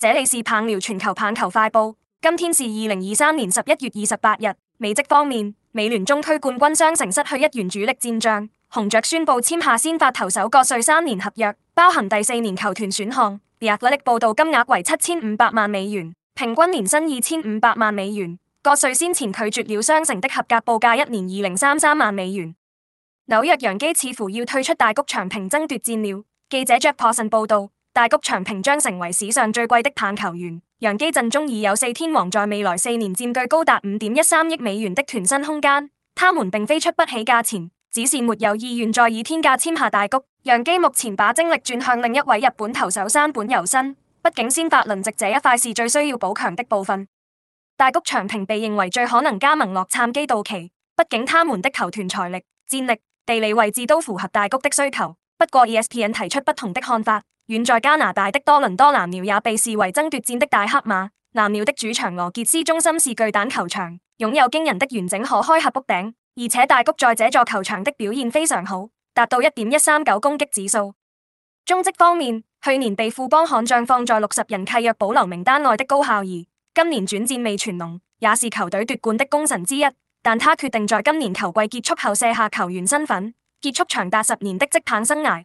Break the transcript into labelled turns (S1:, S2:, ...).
S1: 這裏是棒聊全球棒球快報，今天是二零二三年十一月二十八日。美職方面，美聯中區冠軍雙城失去一員主力戰將，紅雀宣布簽下先發投手葛稅三年合約，包含第四年球團選項。壓力報道金額爲七千五百萬美元，平均年薪二千五百萬美元。葛稅先前拒絕了雙城的合格報價，一年二零三三萬美元。紐約揚基似乎要退出大局，長平爭奪戰了。記者 s 破神報道。大谷翔平將成為史上最貴的棒球員，洋基陣中已有四天王在未來四年佔據高達五點一三億美元的團薪空間。他們並非出不起價錢，只是沒有意願再以天價簽下大谷。洋基目前把精力轉向另一位日本投手山本由伸，畢竟先發輪值這一塊是最需要補強的部分。大谷翔平被認為最可能加盟洛杉磯道奇，畢竟他們的球團財力、戰力、地理位置都符合大谷的需求。不過 ESPN 提出不同的看法。遠在加拿大的多倫多藍鳥也被視為爭奪戰的大黑馬。藍鳥的主場羅杰斯中心是巨蛋球場，擁有驚人的完整可開合屋頂，而且大谷在這座球場的表現非常好，達到一點一三九攻擊指數。中職方面，去年被富邦悍將放在六十人契約保留名單內的高孝儀，今年轉戰味全龍，也是球隊奪冠的功臣之一。但他決定在今年球季結束後卸下球員身份，結束長達十年的職棒生涯。